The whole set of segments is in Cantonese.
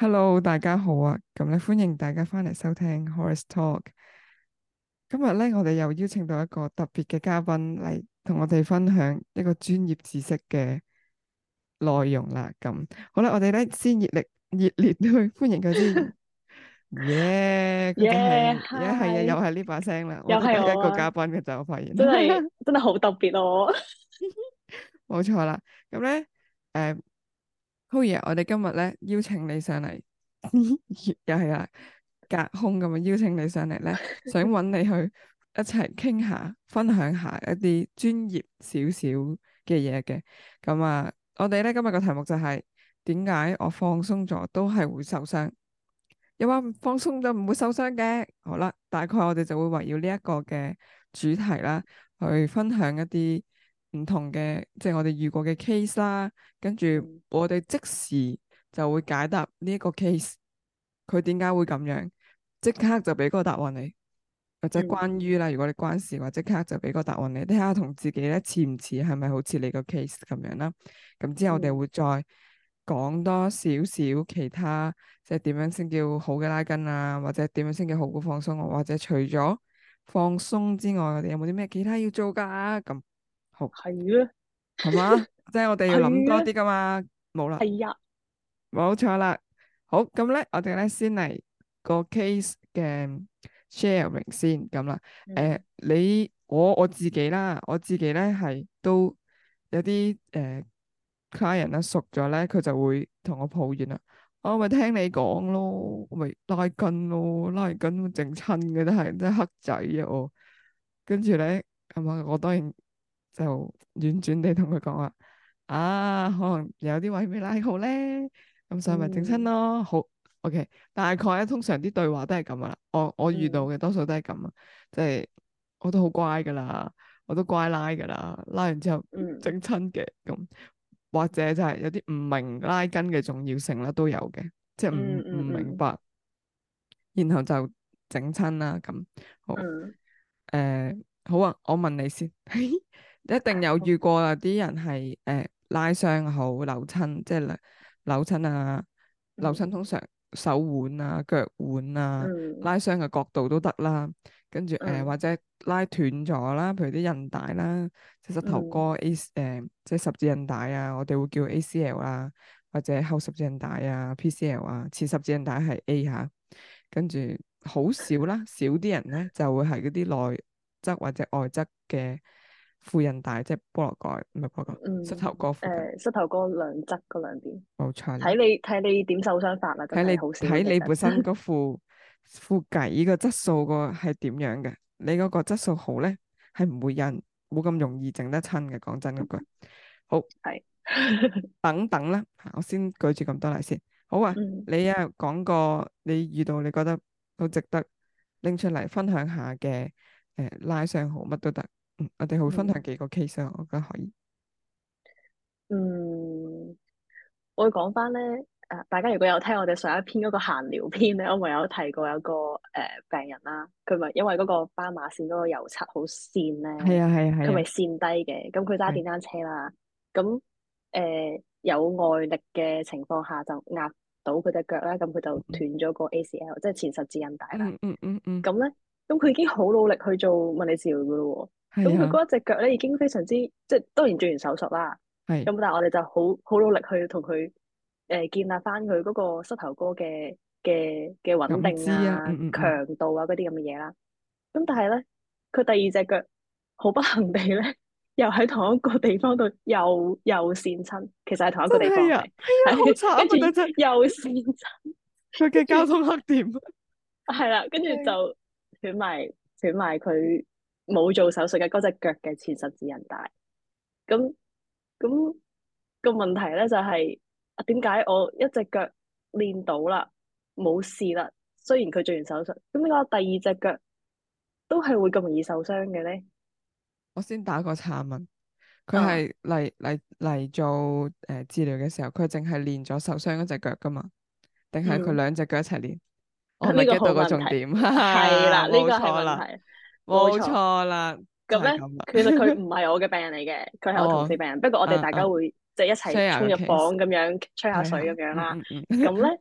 Hello，大家好啊！咁咧，歡迎大家翻嚟收聽 Horis Talk。今日咧，我哋又邀請到一個特別嘅嘉賓嚟同我哋分享一個專業知識嘅內容啦。咁好啦，我哋咧先熱烈熱烈去歡迎佢先。耶，yeah 係啊，yeah, hi. yeah, 又係呢把聲啦，又係一個嘉賓嘅就發現 真係真係好特別咯，啊，冇錯啦。咁咧，誒、嗯。好嘢！I, 我哋今日咧邀請你上嚟，又 係啊隔空咁啊邀請你上嚟咧， 想揾你去一齊傾下，分享下一啲專業少少嘅嘢嘅。咁啊，我哋咧今日個題目就係點解我放鬆咗都係會受傷？有話放鬆就唔會受傷嘅？好啦，大概我哋就會圍繞呢一個嘅主題啦，去分享一啲。唔同嘅，即係我哋遇過嘅 case 啦，跟住我哋即時就會解答呢一個 case，佢點解會咁樣？即刻就俾個答案你，或者關於啦，如果你關事嘅話，即刻就俾個答案你。睇下同自己咧似唔似？係咪好似你個 case 咁樣啦？咁之後我哋會再講多少少其他，即係點樣先叫好嘅拉筋啊，或者點樣先叫好嘅放鬆啊，或者除咗放鬆之外，我哋有冇啲咩其他要做噶、啊？咁。係啊，係嘛，即係我哋要諗多啲噶嘛，冇啦，係呀的，冇錯啦。好咁咧，嗯呃，我哋咧先嚟個 case 嘅 sharing 先咁啦。誒，你我我自己啦，我自己咧係都有啲誒，client 咧熟咗咧，佢就會同我抱怨啦。我咪聽你講咯，咪拉筋咯，啊，拉筋整親嘅都係都黑仔啊我！我跟住咧咁嘛，我當然。就婉轉地同佢講話啊，可能有啲位未拉好咧，咁所以咪整親咯。嗯、好 OK，大概通常啲對話都係咁啊。我我遇到嘅多數都係咁啊，即係我都好乖噶啦，我都乖拉噶啦，拉完之後整親嘅咁，或者就係有啲唔明拉筋嘅重要性啦，都有嘅，即係唔唔明白，然後就整親啦咁好誒、嗯呃、好啊！我問你先。 一定有遇過、呃、啊！啲人係誒拉傷嘅好扭親，即係扭親啊，扭親通常手腕啊、腳腕啊、拉傷嘅角度都得啦。跟住誒、呃嗯、或者拉斷咗啦，譬如啲韌帶啦，即膝頭哥、嗯、A 誒、呃，即係十字韌帶啊，我哋會叫 A C L 啊，或者後十字韌帶啊，P C L 啊，前十字韌帶係 A 嚇、啊。跟住好少啦，少啲人咧就會係嗰啲內側或者外側嘅。副韌帶即係菠蘿蓋，唔係菠蘿。嗯,歌嗯，膝頭哥。誒，膝頭哥兩側嗰兩邊。冇錯。睇你睇你點受傷法啦。睇你好睇實你本身嗰副 副計個質素個係點樣嘅？你嗰個質素好咧，係唔會印，冇咁容易整得親嘅。講真嗰句。好係。 是 等等啦，我先舉住咁多嚟先。好啊， 你啊講個你,你遇到你覺得好值得拎出嚟分享下嘅，誒、呃、拉傷好乜都得。 我哋好分享幾個 case 啊，我覺得可以。嗯，我會講翻咧，誒，大家如果有聽我哋上一篇嗰個閒聊篇咧，我咪有提過有個誒、呃、病人啦，佢咪因為嗰個斑馬線嗰個油漆好跣咧，係啊係啊，佢咪跣低嘅，咁佢揸電單車啦，咁誒、啊呃、有外力嘅情況下就壓到佢隻腳啦，咁佢就斷咗個 ACL、嗯、即係前十字韌帶啦。嗯嗯嗯。咁、嗯、咧，咁、嗯、佢、嗯、已經好努力去做物理治療噶啦喎。咁佢嗰一隻腳咧，已經非常之，即係當然做完手術啦。係咁是的，但係我哋就好好努力去同佢誒建立翻佢嗰個膝頭哥嘅嘅嘅穩定啊、啊強度啊嗰啲咁嘅嘢啦。咁、嗯嗯、但係咧，佢第二隻腳好不幸地咧，又喺同一個地方度又又跣親，其實係同一個地方。係啊，好慘啊真，又跣親。佢嘅交通黑點。 係啦，跟住就斷埋斷埋佢。 冇做手術嘅嗰隻腳嘅前十字韌帶，咁咁、個問題咧就係啊點解我一隻腳練到啦冇事啦，雖然佢做完手術，咁呢個第二隻腳都係會咁容易受傷嘅咧？我先打個查問，佢係嚟嚟嚟做誒、呃、治療嘅時候，佢淨係練咗受傷嗰隻腳噶嘛？定係佢兩隻腳一齊練？嗯、我未 get 到個重點，係 啦，冇錯啦。冇錯啦，咁咧其實佢唔係我嘅病人嚟嘅，佢係我同事病人。Oh, 不過我哋大家會 uh, uh, 即係一齊衝入房咁樣、uh, case. 吹下水咁樣啦。咁咧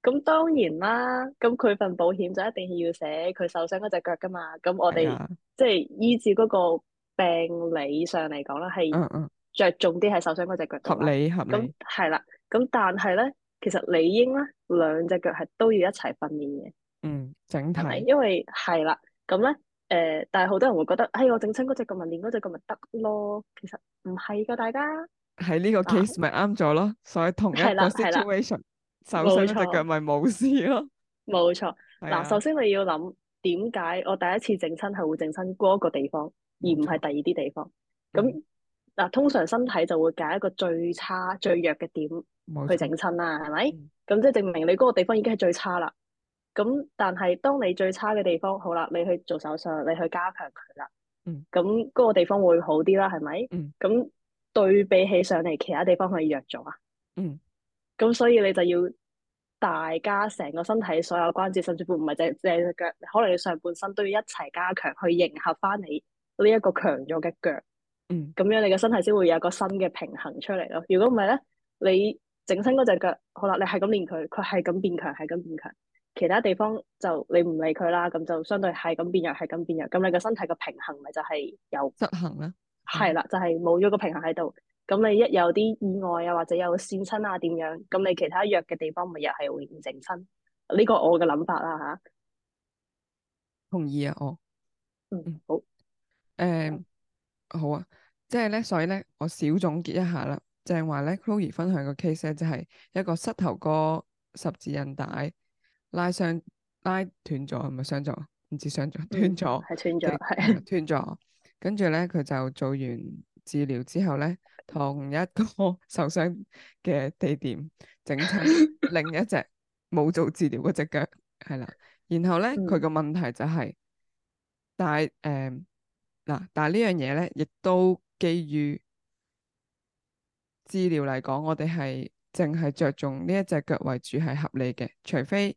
咁當然啦，咁佢份保險就一定要寫佢受傷嗰隻腳㗎嘛。咁我哋即係依照嗰個病理上嚟講啦，係着重啲係受傷嗰隻腳合。合理合理。咁係啦，咁但係咧，其實理應咧兩隻腳係都要一齊訓練嘅。嗯，整體。 因為係啦，咁咧。誒，但係好多人會覺得，哎，我整親嗰隻咁咪練嗰隻咁咪得咯，其實唔係噶，大家喺呢個 case 咪啱咗咯，所以同一個 situation，手腳咪冇事咯，冇錯。嗱，首先你要諗點解我第一次整親係會整親嗰個地方，而唔係第二啲地方。咁嗱，通常身體就會揀一個最差、最弱嘅點去整親啦，係咪？咁即係證明你嗰個地方已經係最差啦。咁，但係當你最差嘅地方，好啦，你去做手術，你去加強佢啦。嗯。咁嗰個地方會好啲啦，係咪？嗯。咁對比起上嚟，其他地方係弱咗啊。嗯。咁所以你就要大家成個身體所有關節，甚至乎唔係淨淨隻腳，可能你上半身都要一齊加強，去迎合翻你呢、嗯、一個強咗嘅腳。嗯。咁樣你嘅身體先會有個新嘅平衡出嚟咯。如果唔係咧，你。整身嗰隻腳好啦，你係咁練佢，佢係咁變強，係咁變強。其他地方就你唔理佢啦，咁就相對係咁變弱，係咁變弱。咁你個身體平、就是、個平衡咪就係有失衡啦，係啦，就係冇咗個平衡喺度。咁你一有啲意外啊，或者有跣親啊點樣？咁你其他弱嘅地方咪又係會唔整身？呢、呢個我嘅諗法啦吓。同意啊，我。嗯好。誒、嗯，呃嗯、好啊，即係咧，所以咧，我少總結一下啦。就正話咧 Chloe 分享個 case 咧，就係一個膝頭哥十字韌帶拉傷、拉斷咗，係咪傷咗？唔知傷咗斷咗，係斷咗，係斷咗。跟住咧，佢 就做完治療之後咧，同一個受傷嘅地點整親另一隻冇做治療嗰隻腳，係啦。然後咧，佢個、嗯、問題就係、是，但係誒嗱，但係呢樣嘢咧，亦都基於。治療嚟講，我哋係淨係着重呢一隻腳為主係合理嘅，除非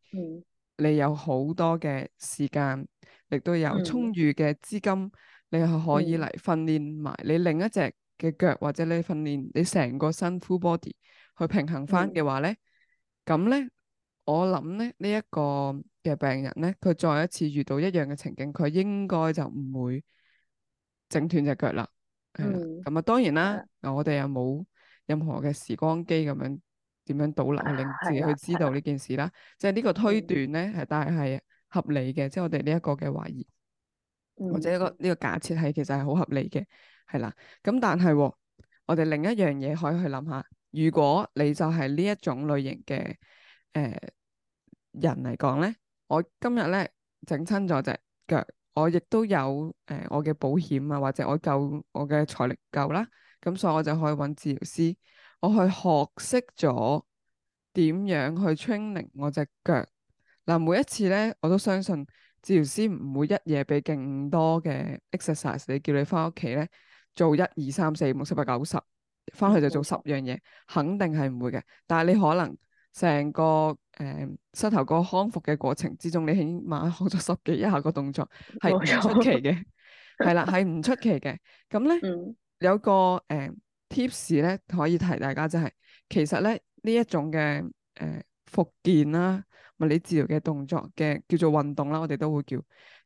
你有好多嘅時間，亦都有充裕嘅資金，嗯、你係可以嚟訓練埋你另一隻嘅腳，或者你訓練你成個身 full body 去平衡翻嘅話咧，咁咧、嗯、我諗咧呢一、這個嘅病人咧，佢再一次遇到一樣嘅情景，佢應該就唔會整斷隻腳啦。係咁啊，嗯、當然啦，嗯、我哋又冇。任何嘅時光機咁樣點樣倒流令自己去知道呢件事啦，即係呢個推斷咧係，但係係合理嘅，即、就、係、是、我哋呢、嗯、一個嘅懷疑或者呢個呢個假設係其實係好合理嘅，係啦。咁但係、哦、我哋另一樣嘢可以去諗下，如果你就係呢一種類型嘅誒、呃、人嚟講咧，我今日咧整親咗隻腳，我亦都有誒、呃、我嘅保險啊，或者我夠我嘅財力夠啦。咁所以我就可以揾治療師，我去學識咗點樣去 training 我隻腳嗱。每一次咧，我都相信治療師唔會一夜俾勁多嘅 exercise。你叫你返屋企咧，做一二三四五六七八九十，返去就做十樣嘢，肯定係唔會嘅。但係你可能成個誒、呃、膝頭哥康復嘅過程之中，你起碼學咗十幾一下個動作係唔出奇嘅，係啦，係唔出奇嘅。咁咧。 有個誒 tips 咧，可以提大家，就係、是、其實咧呢一種嘅誒、呃、復健啦、啊、物理治療嘅動作嘅叫做運動啦，我哋都會叫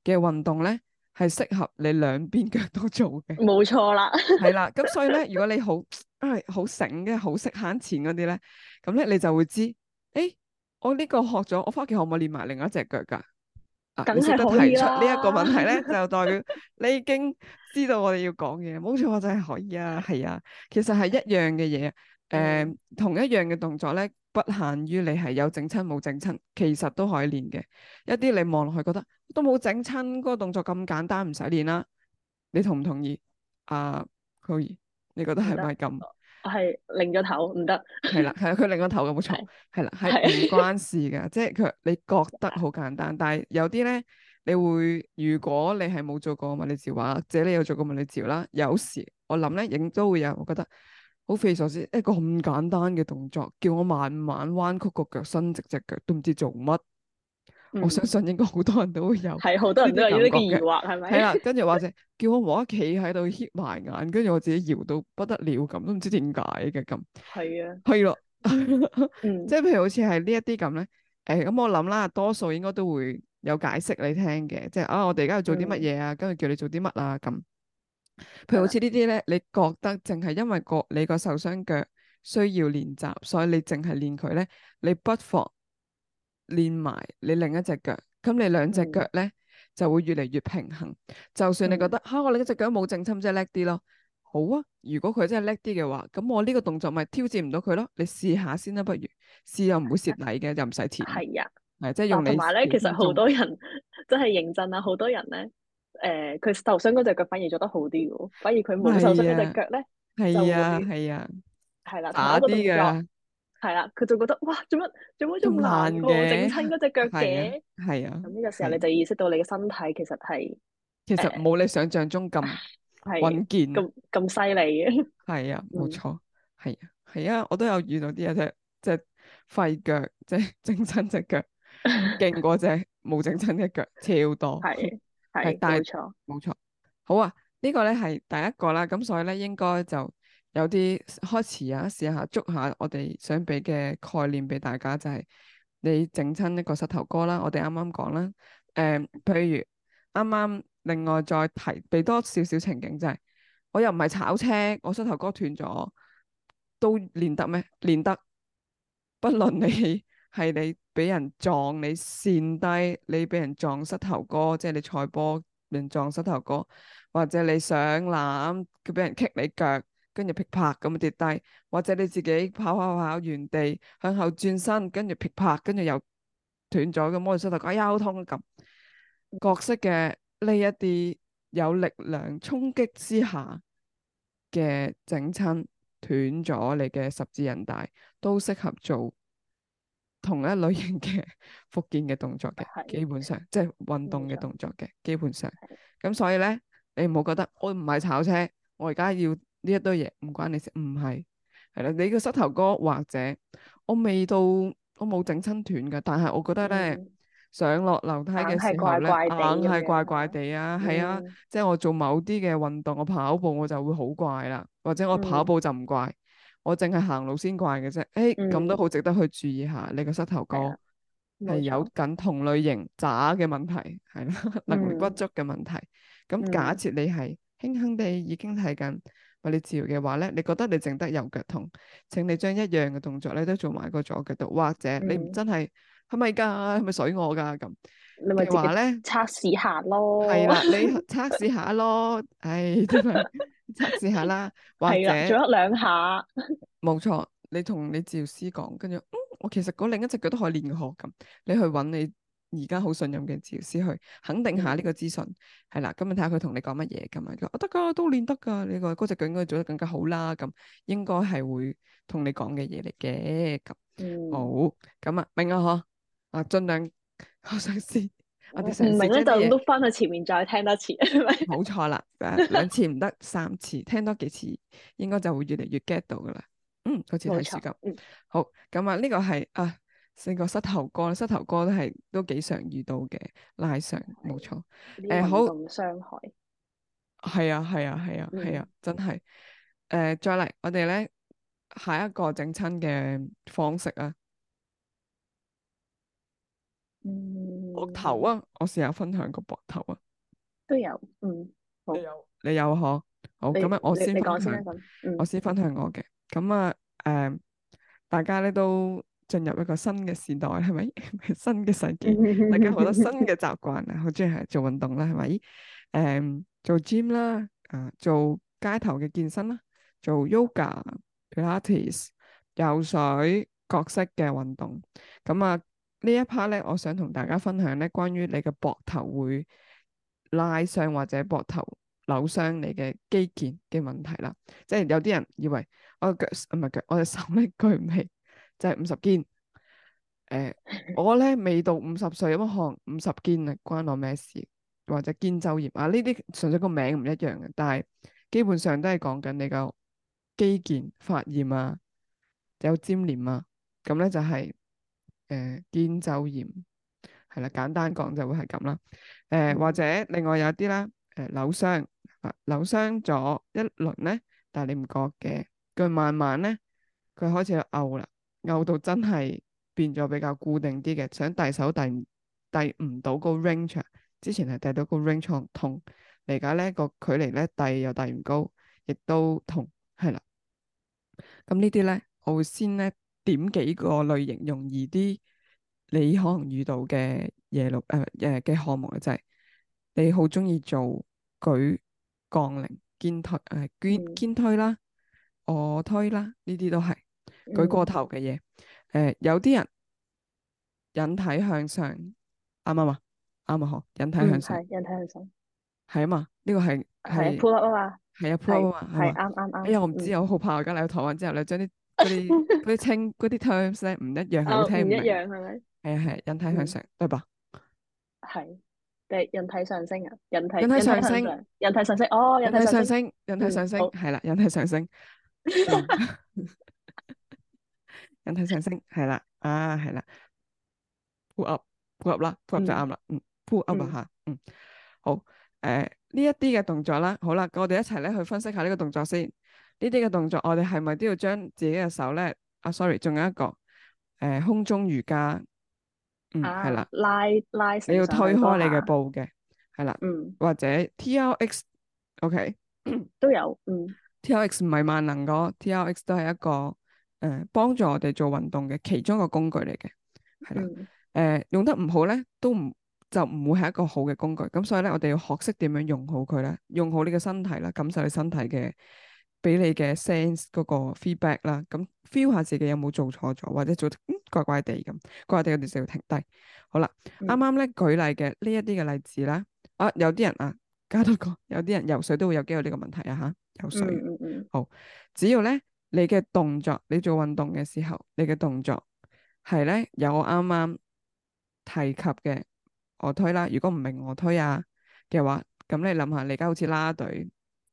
嘅運動咧係適合你兩邊腳都做嘅。冇錯啦，係 啦，咁所以咧，如果你好係好醒嘅、好識慳錢嗰啲咧，咁咧你就會知，誒、欸、我呢個學咗，我翻屋企可唔可以練埋另一隻腳噶？啊，你識得提出呢一個問題咧，就代表你已經知道我哋要講嘢。冇錯， 我真係可以啊，係啊，其實係一樣嘅嘢。誒、呃，同一樣嘅動作咧，不限於你係有整親冇整親，其實都可以練嘅。一啲你望落去覺得都冇整親嗰個動作咁簡單，唔使練啦。你同唔同意？啊，Chloe，你覺得係咪咁？係擰咗頭唔得，係啦，係啊，佢擰咗頭嘅冇錯，係啦，係唔關事噶。 即係佢你覺得好簡單，但係有啲咧你會如果你係冇做過物理治療，或者你有做過物理治療啦，有時我諗咧影都會有，我覺得好匪夷所思，一個咁簡單嘅動作，叫我慢慢彎曲個腳，伸直隻腳，都唔知做乜。我相信應該好多人都會有，係好多人都有呢啲是疑惑係咪？係啦的，跟住或者叫我冇得企喺度 hit 埋眼，跟住我自己搖到不得了咁，都唔知點解嘅咁。係啊，係咯，即係譬如好似係呢一啲咁咧，誒、欸，咁、嗯、我諗啦，多數應該都會有解釋你聽嘅，即係啊，我哋而家要做啲乜嘢啊，跟住、嗯、叫你做啲乜啊咁。譬如好似呢啲咧，你覺得淨係因為個你個受傷腳需要練習，所以你淨係練佢咧，你不妨。練埋你另一隻腳，咁你兩隻腳咧就會越嚟越平衡。就算你覺得吓我另一隻腳冇正，心，即係叻啲咯，好啊！如果佢真係叻啲嘅話，咁我呢個動作咪挑戰唔到佢咯。你試下先啦，不如，試又唔會蝕底嘅，又唔使錢。係啊，係即係用你同埋咧，其實好多人真係認真啊！好多人咧，誒佢受傷嗰隻腳反而做得好啲喎，反而佢冇受傷嗰隻腳咧就係啊係啊，係啦，打啲㗎。係啦，佢就覺得哇，做乜做乜仲難過，整親嗰隻腳嘅。係啊，咁呢個時候你就意識到你嘅身體其實係其實冇你想象中咁穩健，咁咁犀利嘅。係啊，冇錯，係，係啊，我都有遇到啲嘢，即即係廢腳，即係整親隻腳勁過隻冇整親隻腳超多。係係，冇錯冇錯。好啊，呢、呢個咧係第一個啦，咁所以咧應該就。有啲開始啊，試下捉下我哋想俾嘅概念俾大家，就係、是、你整親一個膝頭哥啦。我哋啱啱講啦，誒、嗯，譬如啱啱另外再提俾多少少情景，就係、是、我又唔係炒車，我膝頭哥斷咗都練得咩？練得，不論你係你畀人撞，你跣低，你畀人撞膝頭哥，即、就、係、是、你賽波亂撞膝頭哥，或者你上籃佢俾人踢你腳。跟住劈拍咁跌低，或者你自己跑跑跑原地向後轉身，跟住劈拍，跟住又斷咗咁摸住膝頭哥，哎呀好痛咁。各式嘅呢一啲有力量衝擊之下嘅整親斷咗你嘅十字韌帶，都適合做同一類型嘅復健嘅動作嘅的，基本上即係運動嘅動作嘅，基本上咁。所以咧，你唔好覺得我唔係炒車，我而家要。呢一堆嘢唔關你事，唔係係啦。你個膝頭哥或者我未到，我冇整親斷噶，但係我覺得咧、嗯、上落樓梯嘅時候咧硬係怪怪地啊，係啊、嗯，即係我做某啲嘅運動，我跑步我就會好怪啦，或者我跑步就唔怪，嗯、我淨係行路先怪嘅啫。誒、哎、咁、嗯、都好值得去注意下，你個膝頭哥係有緊同類型渣嘅問題，係啦，能力不、嗯、 足嘅問題。咁假設你係輕輕地已經係緊。你治療嘅話咧，你覺得你淨得右腳痛？請你將一樣嘅動作咧都做埋個左腳度，或者你唔真係係咪㗎？係咪、嗯、水我㗎咁？你咪話咧，測試下咯。係啦，你測試下咯。 唉，真係測試下啦。 或者做一兩下。冇錯，你同你治療師講，跟住嗯，我其實嗰另一隻腳都可以練學咁。你去揾你。而家好信任嘅治療師去肯定下呢個資訊，係啦，咁你睇下佢同你講乜嘢咁啊？得噶，都練得噶，呢、這個嗰隻腳應該做得更加好啦。咁應該係會同你講嘅嘢嚟嘅。咁好咁啊，明啊呵？啊，盡量我想先。我哋唔、嗯、明咧，就都翻去前面再聽多次。冇錯啦， 啊、兩次唔得，三次聽多幾次，應該就會越嚟越 get 到噶啦。嗯，好似係咁。錯好。咁、嗯、啊、呢、這個係啊。四個膝頭哥，膝頭哥都係都幾常遇到嘅拉傷，冇錯。誒、呃，好傷害。係啊係啊係啊係啊，嗯、啊，真係。誒、呃，再嚟，我哋咧下一個整親嘅方式啊。嗯。膊頭啊，我試下分享個膊頭啊。都有，嗯。好，都有，你有，你有嗬？好，咁啊，我先講先，我先分享我嘅。咁啊，誒、嗯，大家咧都。嗯進入一個新嘅時代，係咪 新嘅世紀？大家好多新嘅習慣啊，好中意做運動啦，係咪？誒、嗯，做 gym 啦，啊，做街頭嘅健身啦，做 yoga、Pilates 游水各式嘅運動。咁啊，一呢一 part 咧，我想同大家分享咧，關於你嘅膊頭會拉傷或者膊頭扭傷你嘅肌腱嘅問題啦。即係有啲人以為我嘅腳唔係腳，我嘅手拎佢唔起。即係五十肩，誒、呃，我咧未到五十歲，有、嗯、啊，可能五十肩啊，關我咩事？或者肩周炎啊，呢啲純粹個名唔一樣嘅，但係基本上都係講緊你個肌腱發炎啊，有黏連啊，咁咧就係誒肩周炎，係啦，簡單講就會係咁啦。誒、呃、或者另外有啲啦，誒扭傷，扭傷咗一輪咧，但係你唔覺嘅，佢慢慢咧佢開始有嘔啦。拗到真係變咗比較固定啲嘅，想遞手遞唔遞唔到個 range，之前係遞到個 range 痛，而家咧個距離咧遞又遞唔高，亦都痛，係啦。咁、嗯、呢啲咧我會先咧點幾個類型容易啲，你可能遇到嘅嘢，六誒誒嘅項目，就係、是、你好鍾意做舉槓鈴、肩推誒肩肩推啦、臥推啦，呢啲都係。舉過頭嘅嘢，誒，有啲人引體向上，啱啱啊？啱啊，好引體向上，引體向上係啊嘛？呢個係係 pro 啊嘛？係啊 pro 嘛？係啱啱啱。哎呀，我唔知，我好怕。而家嚟到台灣之後咧，將啲嗰啲嗰啲清，嗰啲 terms 咧唔一樣，好聽唔一樣係咪？係啊係，引體向上，對吧？係，對引體上升啊！引體上升，引體上升，哦，引體上升，引體上升，係啦，引體上升。引體上升係啦，啊係啦，pull up，pull up 啦 pull, up,，pull up 就啱啦，嗯，嗯，pull up 啊吓，嗯，嗯，好，誒、呃、呢一啲嘅動作啦，好啦，我哋一齊咧去分析下呢個動作先。呢啲嘅動作，我哋係咪都要將自己嘅手咧？啊，sorry，仲有一個，誒、呃、空中瑜伽，嗯係啦、啊了，拉拉你要推開你嘅布嘅，係啦，嗯，或者 TRX，OK，、okay, 都有，嗯，TRX 唔係萬能個，TRX 都係一個。誒，幫、嗯、助我哋做運動嘅其中一個工具嚟嘅，係啦，誒、嗯嗯，用得唔好咧，都唔就唔會係一個好嘅工具。咁所以咧，我哋要學識點樣用好佢啦，用好你嘅身體啦，感受你身體嘅，俾你嘅 sense 嗰個 feedback 啦，咁 feel 下自己有冇做錯咗，或者做怪怪、嗯、地咁，怪怪地我哋就要停低。好啦，啱啱咧舉例嘅呢一啲嘅例子啦，啊，有啲人啊，加多個，有啲人游水都會有機會呢個問題啊吓、啊，游水，嗯嗯嗯、好，只要咧。你嘅動作，你做運動嘅時候，你嘅動作係咧有啱啱提及嘅臥推啦。如果唔係臥推啊嘅話，咁你諗下，你而家好似拉隊，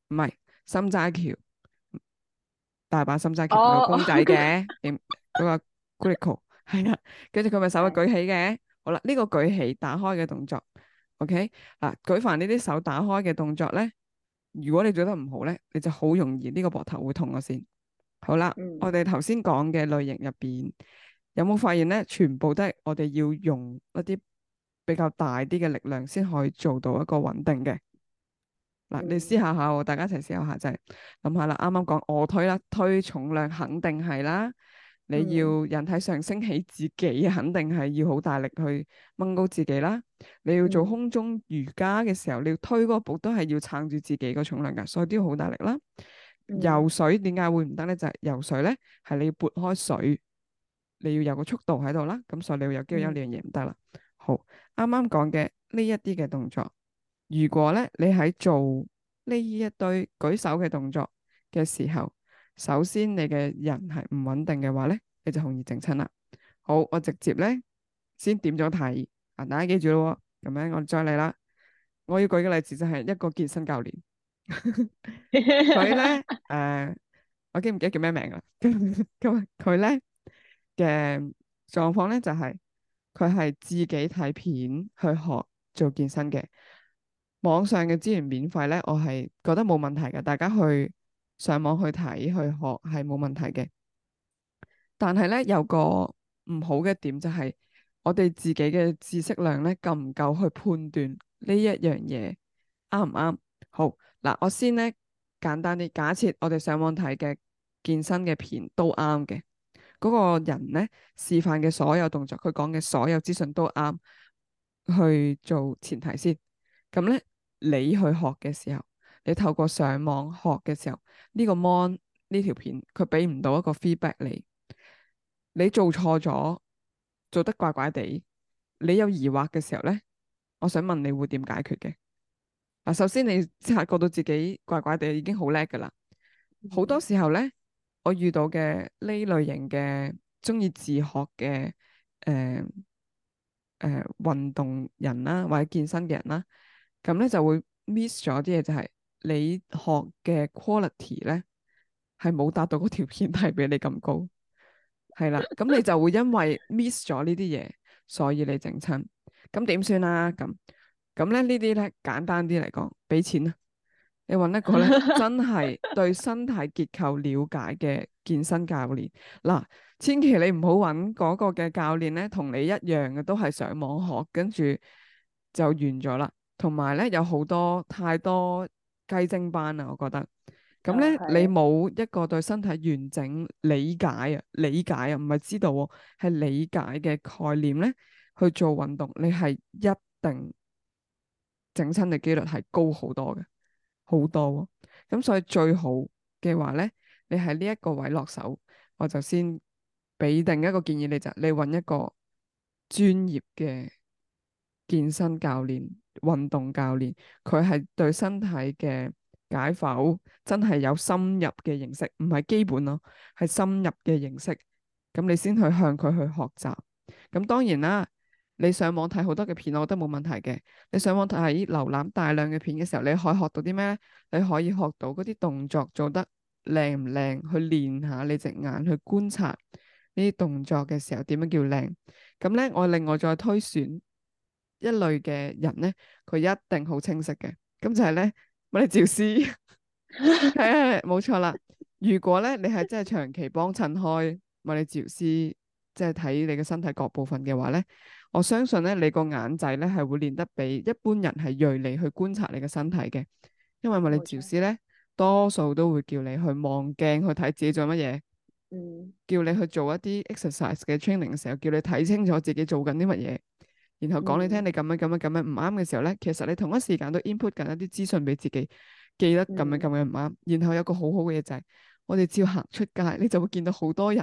唔係心齋橋，大把心齋橋有公仔嘅，嗰、 那個 Glico 係啦，跟住佢咪手係舉起嘅。好啦，呢、這個舉起打開嘅動作，OK 嗱、啊，舉凡呢啲手打開嘅動作咧，如果你做得唔好咧，你就好容易呢、這個膊頭會痛我先。好啦，嗯、我哋頭先講嘅類型入邊，有冇發現咧？全部都係我哋要用一啲比較大啲嘅力量先可以做到一個穩定嘅。嗱，嗯、你試下下，大家一齊試下下，就係諗下啦。啱啱講臥推啦，推重量肯定係啦。你要引體上升起自己，肯定係要好大力去掹高自己啦。你要做空中瑜伽嘅時候，嗯、你要推嗰個布都係要撐住自己個重量噶所以都要好大力啦。游水點解會唔得咧？就係、是、游水咧，係你要撥開水，你要有個速度喺度啦。咁所以你會有機會有兩樣嘢唔得啦。嗯、好，啱啱講嘅呢一啲嘅動作，如果咧你喺做呢一堆舉手嘅動作嘅時候，首先你嘅人係唔穩定嘅話咧，你就容易整親啦。好，我直接咧先點咗題啊！大家記住咯、哦，咁樣我再嚟啦。我要舉嘅例子就係一個健身教練。所以咧，誒、 呃，我記唔記得叫咩名啦？佢佢咧嘅狀況咧就係佢係自己睇片去學做健身嘅。網上嘅資源免費咧，我係覺得冇問題嘅，大家去上網去睇去學係冇問題嘅。但係咧有個唔好嘅點就係、係，我哋自己嘅知識量咧夠唔夠去判斷呢一樣嘢啱唔啱？好。嗱，我先咧簡單啲假設，我哋上網睇嘅健身嘅片都啱嘅，嗰、那個人咧示範嘅所有動作，佢講嘅所有資訊都啱，去做前提先。咁咧，你去學嘅時候，你透過上網學嘅時候，呢、這個 mon 呢條片，佢畀唔到一個 feedback 你，你做錯咗，做得怪怪地，你有疑惑嘅時候咧，我想問你會點解決嘅？嗱，首先你察覺到自己怪怪地，已經好叻噶啦。好多時候咧，我遇到嘅呢類型嘅中意自學嘅誒誒運動人啦，或者健身嘅人啦，咁咧就會 miss 咗啲嘢，就係、是、你學嘅 quality 咧係冇達到嗰條片，係俾你咁高。係啦，咁你就會因為 miss 咗呢啲嘢，所以你整親，咁點算啦？咁？咁咧、嗯、呢啲咧簡單啲嚟講，俾錢啊，你揾一個咧 真係對身體結構了解嘅健身教練嗱，千祈你唔好揾嗰個嘅教練咧，同你一樣嘅都係上網學，跟住就完咗啦。同埋咧有好多太多雞精班啊，我覺得。咁咧 Okay. 你冇一個對身體完整理解，理解啊，理解唔係知道啊，係理解嘅概念咧去做運動，你係一定。整親嘅機率係高好多嘅，好多咁、哦，所以最好嘅話咧，你喺呢一個位落手，我就先俾定一個建議你就是，你揾一個專業嘅健身教練、運動教練，佢係對身體嘅解剖真係有深入嘅認識，唔係基本咯，係深入嘅認識，咁你先去向佢去學習，咁當然啦。你上網睇好多嘅片，我覺得冇問題嘅。你上網睇瀏覽大量嘅片嘅時候，你可以學到啲咩咧？你可以學到嗰啲動作做得靚唔靚，去練下你隻眼去觀察呢啲動作嘅時候點樣叫靚。咁咧，我另外再推選一類嘅人咧，佢一定好清晰嘅。咁就係咧，物理治療師，冇錯啦。如果咧你係真係長期幫襯開物理治療師，即係睇你嘅身體各部分嘅話咧。我相信咧，你個眼仔咧係會練得比一般人係銳利去觀察你個身體嘅，因為物理治療師咧， 多數都會叫你去望鏡去睇自己做乜嘢，嗯、叫你去做一啲 exercise 嘅 training 嘅時候，叫你睇清楚自己做緊啲乜嘢，然後講你聽你咁樣咁樣咁樣唔啱嘅時候咧，嗯、其實你同一時間都 input 緊一啲資訊俾自己，記得咁樣咁樣唔啱，嗯、然後有個好好嘅嘢就係、是，我哋只要行出街，你就會見到好多人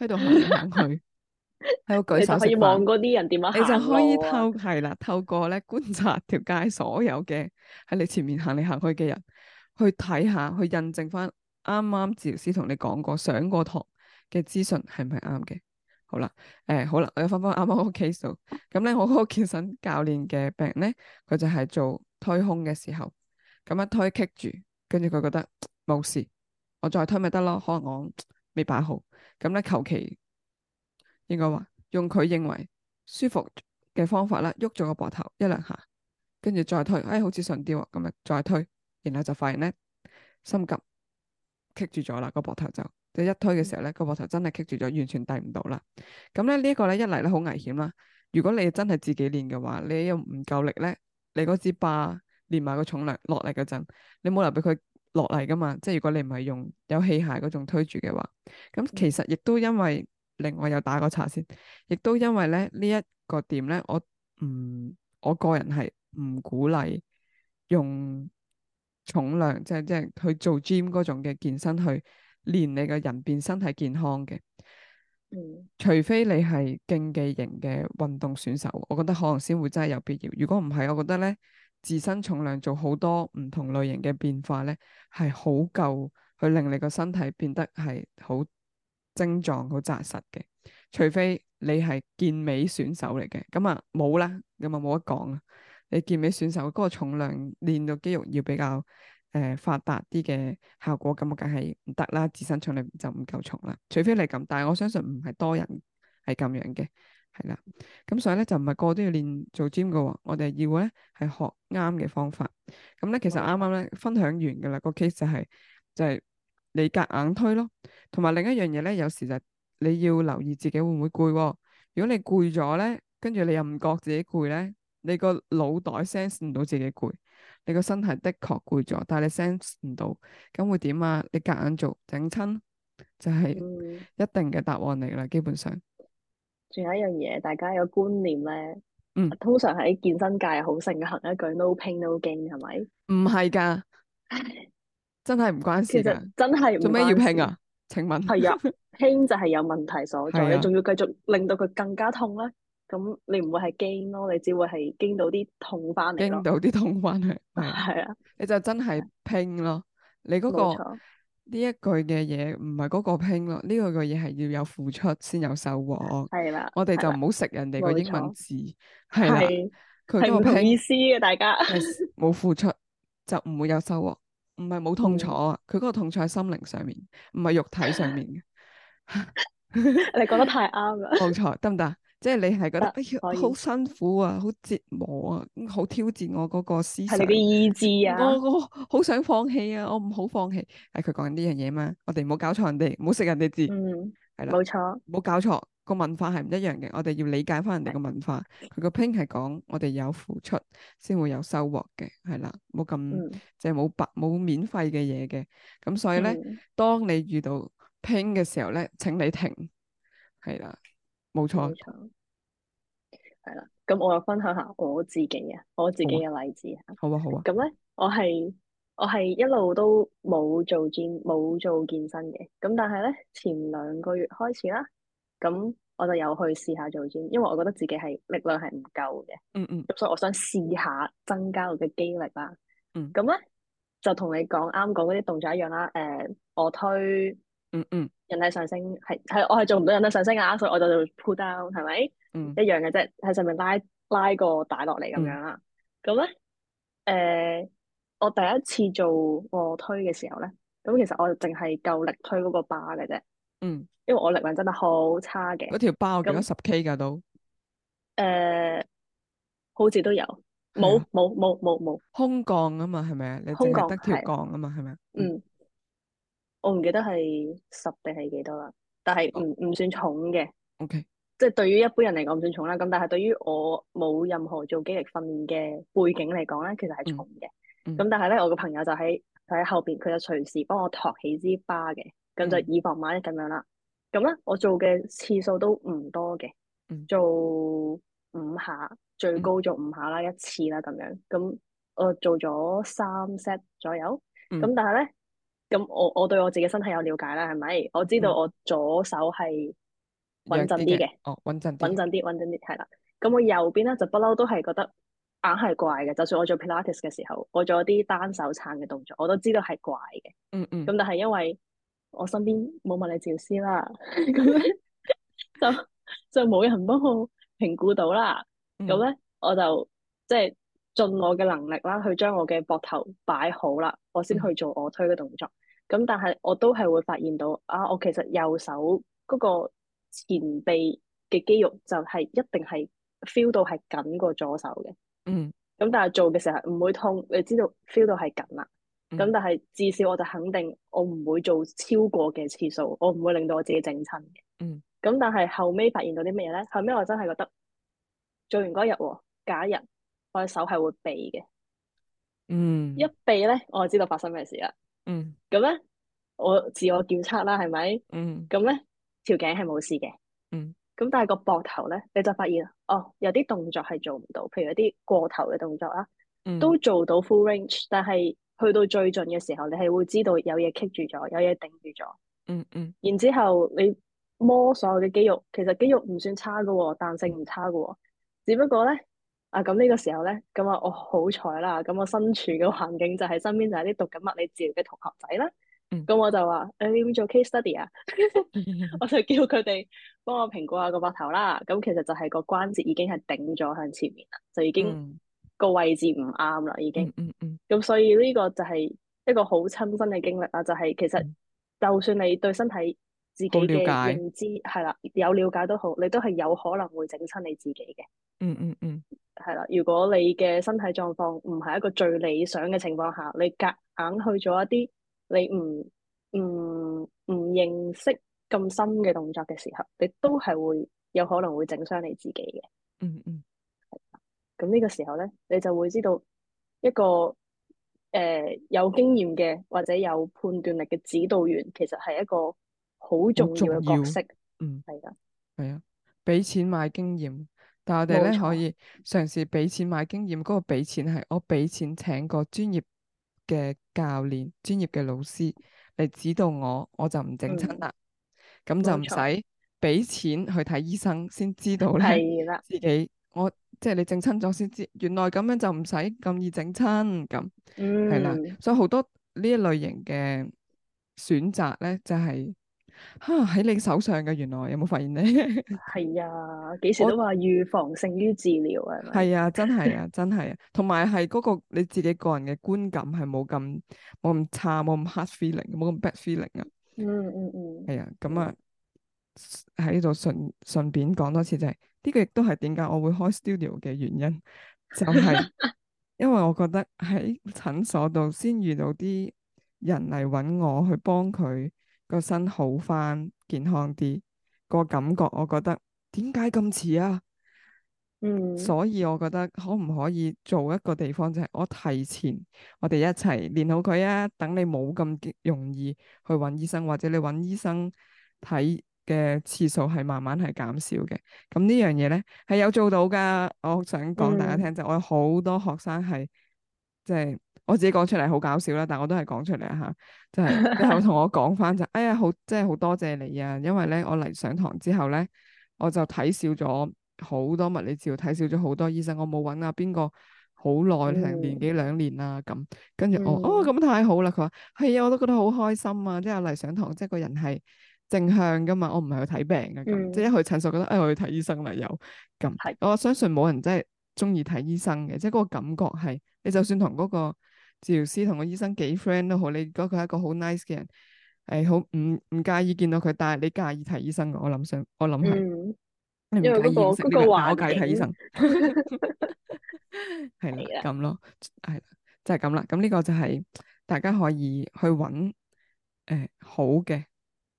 喺度行嚟行去。 喺度舉手，你可以望嗰啲人點啊，你就可以透，係啦，透過咧觀察條街所有嘅喺你前面行嚟行去嘅人，去睇下，去印證翻啱啱治療師同你講過上過堂嘅資訊係唔係啱嘅。好啦，誒、欸，好啦，我又翻翻啱啱屋企 case 度，咁咧我嗰個健身教練嘅病咧，佢就係做推胸嘅時候，咁一推棘住，跟住佢覺得冇事，我再推咪得咯，可能我未擺好，咁咧求其。應該話用佢認為舒服嘅方法啦，喐咗個膊頭一兩下，跟住再推，哎，好似順啲、哦，咁啊再推，然後就發現咧心急，棘住咗啦個膊頭就，即一推嘅時候咧個膊頭真係棘住咗，完全抵唔到啦。咁咧呢,、這個、呢一個咧一嚟咧好危險啦。如果你真係自己練嘅話，你又唔夠力咧，你嗰支把連埋個重量落嚟嗰陣，你冇理由俾佢落嚟噶嘛。即係如果你唔係用有器械嗰種推住嘅話，咁其實亦都因為。另外又打個叉先，亦都因為咧呢一、這個點咧，我唔我個人係唔鼓勵用重量即係即係去做 gym 嗰種嘅健身去練你個人變身體健康嘅。嗯，除非你係競技型嘅運動選手，我覺得可能先會真係有必要。如果唔係，我覺得咧自身重量做好多唔同類型嘅變化咧，係好夠去令你個身體變得係好。症狀好紮實嘅，除非你係健美選手嚟嘅，咁啊冇啦，咁啊冇得講啦。你健美選手嗰，個重量練到肌肉要比較誒、呃、發達啲嘅效果，咁啊梗係唔得啦，自身重力就唔夠重啦。除非你咁，但係我相信唔係多人係咁樣嘅，係啦。咁所以咧就唔係個個都要練做 gym 噶，我哋要咧係學啱嘅方法。咁咧其實啱啱咧分享完噶啦，個 case 就係、係、就係、係。你夾硬推咯，同埋另一樣嘢咧，有時就你要留意自己會唔會攰喎。如果你攰咗咧，跟住你又唔覺自己攰咧，你個腦袋 sense 唔到自己攰，你個身體的確攰咗，但係你 sense 唔到，咁會點啊？你夾硬做整親，就係、係、一定嘅答案嚟啦，基本上。仲有一樣嘢，大家有觀念咧，嗯，通常喺健身界好盛行一句 no pain no gain 係咪？唔係㗎。 真係唔關事。其實真係做咩要拼啊？請問係啊，拼就係有問題所在，你仲要繼續令到佢更加痛咧？咁你唔會係驚咯，你只會係驚到啲痛翻嚟咯。到啲痛翻去。係啊！你就真係拼咯，你嗰個呢一句嘅嘢唔係嗰個拼咯，呢兩句嘅嘢係要有付出先有收穫。係啦，我哋就唔好食人哋個英文字，係佢意思嘅，大家冇付出就唔會有收穫。唔係冇痛楚啊，佢嗰、嗯、個痛楚喺心靈上面，唔係肉體上面嘅。 你講得太啱啦！冇 錯，得唔得？即係你係覺得好辛苦啊，好折磨啊，好挑戰我嗰個思想。係啲意志啊我！我好想放棄啊，我唔好放棄。係佢講緊呢樣嘢嘛，我哋唔好搞錯人哋，唔好食人哋字。嗯係啦，冇錯，冇錯搞錯，個文化係唔一樣嘅。我哋要理解翻人哋嘅文化，佢個 pain 係講我哋有付出先會有收穫嘅，係啦，冇咁、嗯、即係冇白冇免費嘅嘢嘅。咁所以咧，嗯、當你遇到 pain 嘅時候咧，請你停，係啦，冇錯，係啦錯。咁我又分享下我自己啊，我自己嘅例子啊。好啊，好啊。咁咧，我係。我係一路都冇做 gym 冇做健身嘅，咁但係咧，前兩個月開始啦，咁我就有去試下做 gym，因為我覺得自己係力量係唔夠嘅，嗯嗯，所以我想試下增加我嘅肌力啦，嗯，咁咧就同你講啱講嗰啲動作一樣啦，誒、呃，臥推，嗯嗯，引體上升係係、嗯嗯、我係做唔到引體上升啊，所以我就做 pull down 係咪、嗯嗯？嗯，一樣嘅啫，喺上面拉拉個大落嚟，咁樣啦，咁咧誒。嗯嗯我第一次做臥推嘅時候咧，咁其實我淨係夠力推嗰個把嘅啫。嗯，因為我力量真係好差嘅。嗰條把，我記咗十 K 噶都。誒，好似都有，冇冇冇冇冇。空降啊嘛，係咪啊？你淨係得條槓啊嘛，係咪啊？嗯，我唔記得係十定係幾多啦，但係唔唔算重嘅。OK，即係對於一般人嚟講唔算重啦，咁但係對於我冇任何做肌力訓練嘅背景嚟講咧，其實係重嘅。咁、嗯、但係咧，我個朋友就喺就喺後邊，佢就隨時幫我托起支巴嘅，咁就以防萬一咁樣啦。咁咧，我做嘅次數都唔多嘅，嗯、做五下，最高做五下啦一次啦咁樣。咁我做咗三 set 左右。咁、嗯、但係咧，咁我我對我自己身體有了解啦，係咪？我知道我左手係穩陣啲嘅，哦穩陣啲，穩陣啲，穩陣啲係啦。咁我右邊咧就不嬲都係覺得。硬係怪嘅，就算我做 Pilates 嘅時候，我做啲單手撐嘅動作，我都知道係怪嘅、嗯。嗯嗯。咁但係因為我身邊冇物理治療師啦，咁 咧 就就冇人幫我評估到啦。咁咧、嗯、我就即係、就是、盡我嘅能力啦，去將我嘅膊頭擺好啦，我先去做臥推嘅動作。咁、嗯、但係我都係會發現到啊，我其實右手嗰個前臂嘅肌肉就係一定係 feel 到係緊過左手嘅。嗯，咁但係做嘅時候唔會痛，你知道 feel 到係緊啦。咁、嗯、但係至少我就肯定我唔會做超過嘅次數，我唔會令到我自己整親嘅。嗯，咁但係後尾發現到啲咩嘢咧？後尾我真係覺得做完嗰一日，假一日，我手係會痹嘅。嗯，一痹咧，我就知道發生咩事啦。嗯，咁咧我自我檢測啦，係咪？嗯，咁咧條頸係冇事嘅。嗯。咁但係個膊頭咧，你就發現哦，有啲動作係做唔到，譬如有啲過頭嘅動作啦，嗯、都做到 full range，但係去到最盡嘅時候，你係會知道有嘢棘住咗，有嘢頂住咗、嗯。嗯嗯。然之後你摸所有嘅肌肉，其實肌肉唔算差㗎喎、哦，彈性唔差㗎喎、哦，只不過咧啊咁呢、這個時候咧，咁啊我好彩啦，咁、哦嗯嗯嗯、我身處嘅環境就喺身邊就係啲讀緊物理治療嘅同學仔啦。咁、嗯、我就話誒、欸，你要做 case study 啊， 我就叫佢哋幫我評估下個膊頭啦。咁其實就係個關節已經係頂咗向前面啦，就已經、嗯、個位置唔啱啦，已經。嗯嗯。咁、嗯嗯、所以呢個就係一個好親身嘅經歷啦，就係、是、其實就算你對身體自己嘅認知係啦，有了解都好，你都係有可能會整親你自己嘅、嗯。嗯嗯嗯。係啦，如果你嘅身體狀況唔係一個最理想嘅情況下，你夾硬去做一啲。你唔唔唔認識咁深嘅動作嘅時候，你都係會有可能會整傷你自己嘅。嗯嗯，係啊。咁呢個時候咧，你就會知道一個誒、呃、有經驗嘅或者有判斷力嘅指導員，其實係一個好重要嘅角色。嗯，係㗎的。係啊的，俾錢買經驗，但係我哋咧錯可以嘗試俾錢買經驗。嗰、嗰個俾錢係我俾錢請個專業嘅教練，專業嘅老師嚟指導我，我就唔整親啦，咁、嗯、就唔使俾錢去睇醫生先知道咧，係啦、嗯、自己我即係、就是、你整親咗先知，原來咁樣就唔使咁易整親咁，係啦、嗯，所以好多呢一類型嘅選擇咧就係、是。吓喺你手上嘅，原來有冇發現咧？係 啊，幾時都話預防勝於治療啊！係我啊，真係啊，真係啊！同埋係嗰個你自己個人嘅觀感係冇咁冇咁差，冇咁 hard feeling，冇咁 bad feeling 啊！嗯嗯嗯，係啊，咁啊，喺度順順便講多次就係呢個亦都係點解我會開 studio 嘅原因，就係因為我覺得喺診所度先遇到啲人嚟揾我去幫佢。個身好返，健康啲，個感覺，我覺得點解咁遲啊？嗯，所以我覺得可唔可以做一個地方，就係我提前，我哋一齊練好佢啊。等你冇咁容易去揾醫生，或者你揾醫生睇嘅次數係慢慢係減少嘅。咁呢樣嘢咧係有做到噶我想講大家聽就是，我有好多學生係即係。就是我自己講出嚟好搞笑啦，但係我都係講出嚟嚇，就係佢同我講翻就哎呀，好即係好多謝你啊！因為咧，我嚟上堂之後咧，我就睇少咗好多物理治療，睇少咗好多醫生。我冇揾啊邊個好耐成年幾、嗯、兩年啦、啊、咁。跟住我哦咁太好啦，佢話係啊，我都覺得好開心啊！即係嚟上堂，即係個人係正向噶嘛。我唔係去睇病嘅，嗯、即係一去診所覺得誒、哎、去睇醫生嚟。又咁。嗯、我相信冇人真係中意睇醫生嘅，即係嗰、那個感覺係你就算同嗰、那個。治療師同個醫生幾 friend 都好，你覺得佢係一個好 nice 嘅人，係好唔唔介意見到佢，但係你介意睇醫生我諗想，想我諗下、嗯，你唔介意睇醫生，這個、個我介意睇醫生 ，係 啦，咁、嗯、咯，係就係咁啦，咁呢個就係大家可以去揾誒好嘅，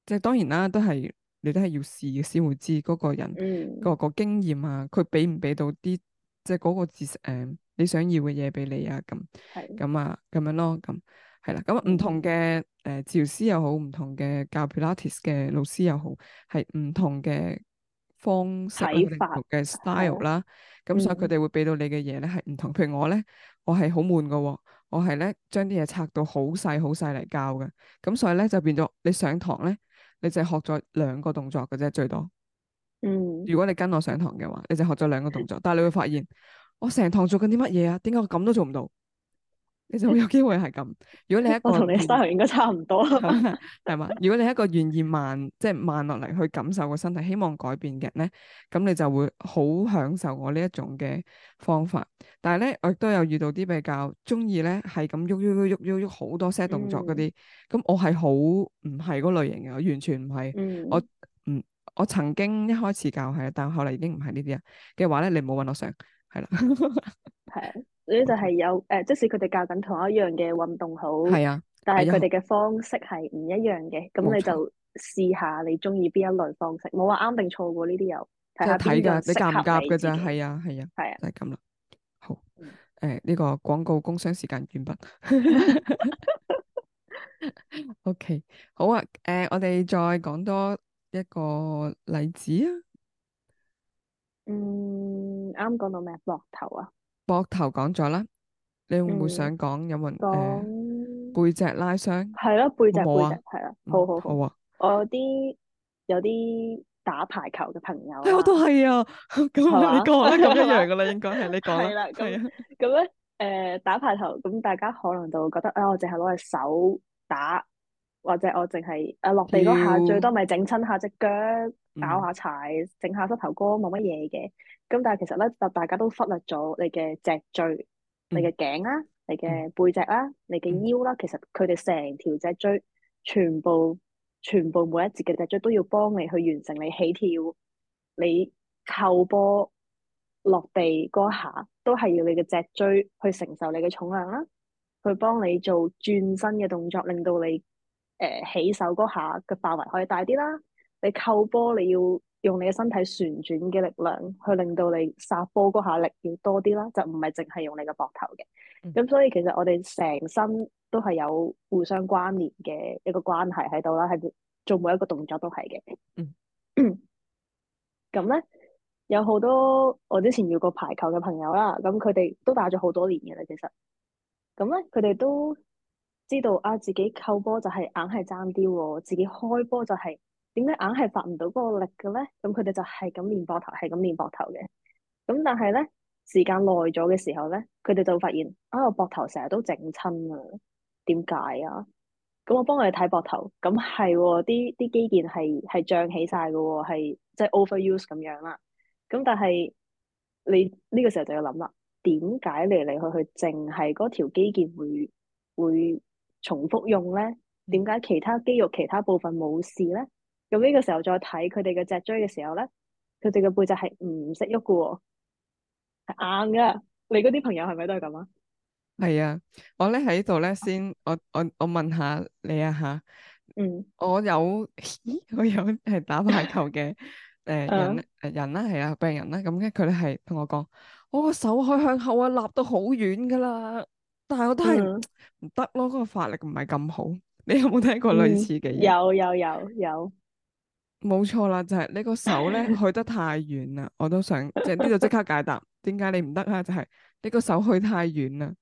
即係當然啦，都係你都係要試先會知嗰個人個個經驗啊，佢俾唔俾到啲。嗯嗯嗯即係嗰個知識，誒、呃、你想要嘅嘢俾你啊，咁，咁啊的，咁樣咯，咁係啦，咁唔同嘅誒、呃、治療師又好，唔同嘅教普拉提嘅老師又好，係唔同嘅方式嘅 style 法啦，咁、嗯、所以佢哋會俾到你嘅嘢咧係唔同。譬如我咧，我係好悶噶、哦，我係咧將啲嘢拆到好細好細嚟教嘅，咁所以咧就變咗你上堂咧，你就係學咗兩個動作嘅啫最多。嗯，如果你跟我上堂嘅話，你就學咗兩個動作，但係你會發現我成堂做緊啲乜嘢啊？點解我咁都做唔到？你就有機會有機會係咁。如果你一個我同你生堂應該差唔多， 係嘛？如果你係一個願意慢，即係慢落嚟去感受個身體，希望改變嘅人咧，咁你就會好享受我呢一種嘅方法。但係咧，我亦都有遇到啲比較中意咧，係咁喐喐喐喐喐喐好多 set 動作嗰啲，咁、嗯、我係好唔係嗰類型嘅，我完全唔係，嗯、我唔。嗯我曾經一開始教係，但後嚟已經唔係呢啲啊嘅話咧，你冇搵我上係啦。係，所以就係有誒，即使佢哋教緊同一樣嘅運動好，係啊，但係佢哋嘅方式係唔一樣嘅。咁你就試下你鍾意邊一類方式，冇話啱定錯喎。呢啲又即係睇㗎，你夾唔夾㗎？咋係啊，係啊，係啊，就係咁啦。好誒，呢個廣告工商時間完畢。OK，好啊。誒，我哋再講多。一個例子啊，嗯，啱講到咩膊頭啊？膊頭講咗啦，你會唔會想講有冇人講背脊拉傷？係咯、嗯呃，背脊嗎背脊係啦、嗯，好好好，好啊，我啲有啲打排球嘅朋友、啊哎，我都係啊，咁你講都咁一樣噶啦，應該係你講係啦，咁咧誒打排球，咁、嗯、大家可能就會覺得，哎我淨係攞隻手打。或者我淨係啊落地嗰下最多咪整親下隻腳，搞下柴，整下膝頭哥冇乜嘢嘅。咁但係其實咧，就大家都忽略咗你嘅脊椎、你嘅頸啦、啊、你嘅背脊啦、啊、你嘅腰啦、啊。其實佢哋成條脊椎全部全部每一節嘅脊椎都要幫你去完成你起跳、你扣波、落地嗰下，都係要你嘅脊椎去承受你嘅重量啦、啊，去幫你做轉身嘅動作，令到你。誒、呃、起手嗰下嘅範圍可以大啲啦，你扣波你要用你嘅身體旋轉嘅力量去令到你殺波嗰下力要多啲啦，就唔係淨係用你嘅膊頭嘅。咁、嗯嗯、所以其實我哋成身都係有互相關聯嘅一個關係喺度啦，係做每一個動作都係嘅。咁咧、嗯、 有好多我之前要過排球嘅朋友啦，咁佢哋都打咗好多年嘅啦，其實。咁咧，佢哋都。知道啊，自己扣波就係硬係爭啲喎，自己開、就是、波就係點解硬係發唔到嗰個力嘅咧？咁佢哋就係咁練膊頭，係咁練膊頭嘅。咁但係咧，時間耐咗嘅時候咧，佢哋就會發現啊，我膊頭成日都整親啊，點解啊？咁我幫佢哋睇膊頭，咁係喎，啲啲肌腱係係漲起晒嘅喎，係即係、就是、overuse 咁樣啦。咁但係你呢個時候就要諗啦，點解嚟嚟去去淨係嗰條肌腱會會會重複用咧，點解其他肌肉其他部分冇事咧？咁呢個時候再睇佢哋嘅脊椎嘅時候咧，佢哋嘅背脊係唔識喐嘅喎，係硬嘅。你嗰啲朋友係咪都係咁啊？係啊，我咧喺度咧先我，我我我問下你啊吓、啊，嗯，嗯啊啊、我有，我有係打排球嘅誒人人啦，係啊病人啦，咁咧佢咧係同我講，我個手可以向後啊，立到好遠噶啦。但係，我都係唔得咯，嗰、嗯、個發力唔係咁好。你有冇聽過類似嘅嘢、嗯？有有有有，冇錯啦，就係、是、你個手咧去得太遠啦。我都想即係呢度即刻解答，點解 你唔得啊？就係、是、你個手去太遠啦，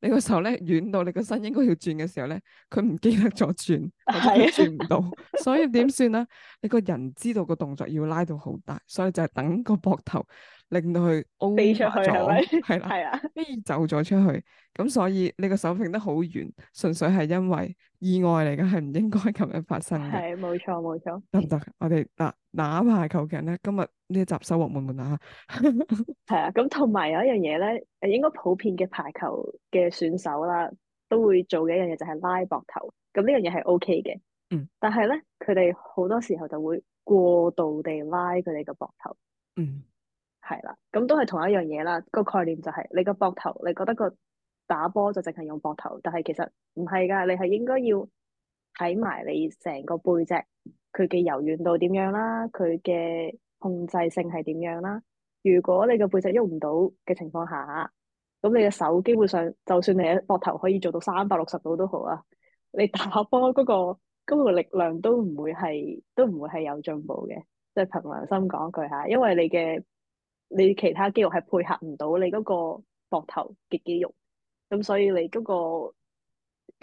你個手咧遠到你個身應該要轉嘅時候咧，佢唔記得咗轉，轉唔到， 所以點算啊？你個人知道個動作要拉到好大，所以就係等個膊頭。令到佢飛出去，係係啦，飛走咗出去。咁所以你個手揈得好遠，純粹係因為意外嚟嘅，係唔應該咁樣發生嘅。係冇錯，冇錯，得唔得？我哋嗱，嗱打排球嘅人咧，今日呢集收穫滿滿啊！係 啊，咁同埋有一樣嘢咧，誒，應該普遍嘅排球嘅選手啦，都會做嘅一樣嘢就係拉膊頭。咁呢樣嘢係 O K 嘅，嗯，但係咧，佢哋好多時候就會過度地拉佢哋嘅膊頭，嗯。係啦，咁都係同一樣嘢啦。個概念就係你個膊頭，你覺得個打波就淨係用膊頭，但係其實唔係㗎。你係應該要睇埋你成個背脊佢嘅柔軟度點樣啦，佢嘅控制性係點樣啦。如果你個背脊喐唔到嘅情況下，咁你嘅手基本上就算你嘅膊頭可以做到三百六十度都好啊，你打波嗰個嗰個力量都唔會係都唔會係有進步嘅。即係憑良心講句嚇，因為你嘅。你其他肌肉係配合唔到你嗰個膊頭嘅肌肉，咁所以你嗰個